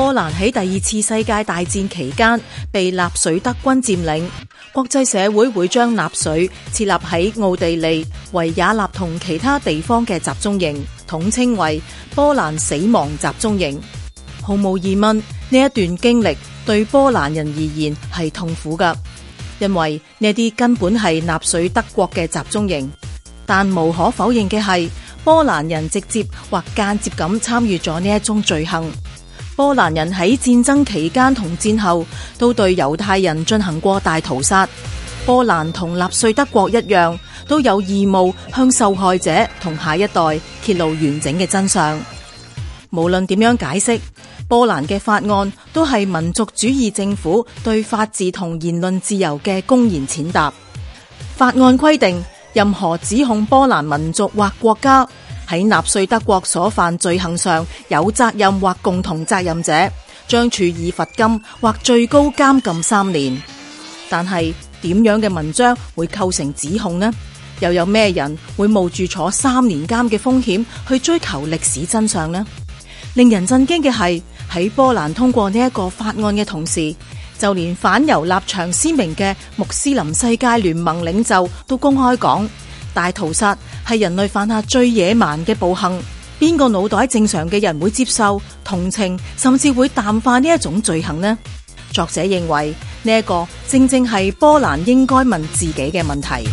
波蘭喺第二次世界大戰期間被納粹德軍佔領，國際社會會將納粹設立喺奧地利、維也納同其他地方嘅集中營統稱為波蘭死亡集中營。毫無疑問，呢一段經歷對波蘭人而言係痛苦㗎，因為呢啲根本係納粹德國嘅集中營。但無可否認嘅係，波蘭人直接或間接咁參與咗呢一宗罪行。波蘭人喺戰爭期間同戰後都對猶太人進行過大屠殺。波蘭同納粹德國一樣，都有義務向受害者同下一代揭露完整嘅真相。無論點樣解釋，波蘭嘅法案都係民族主義政府對法治同言論自由嘅公然踐踏。法案規定，任何指控波蘭民族或國家喺納粹德國所犯罪行上有責任或共同責任者，將處以罰金或最高監禁三年。但係點樣嘅文章會構成指控呢？又有咩人會冒住坐三年監嘅風險去追求歷史真相呢？令人震驚嘅係，喺波蘭通過呢一個法案嘅同時，就連反猶立場鮮明嘅穆斯林世界聯盟領袖都公開講大屠殺。係人類犯下最野蠻嘅暴行，邊個腦袋正常嘅人會接受、同情，甚至會淡化呢一種罪行呢？作者認為，呢一個正正係波蘭應該問自己嘅問題。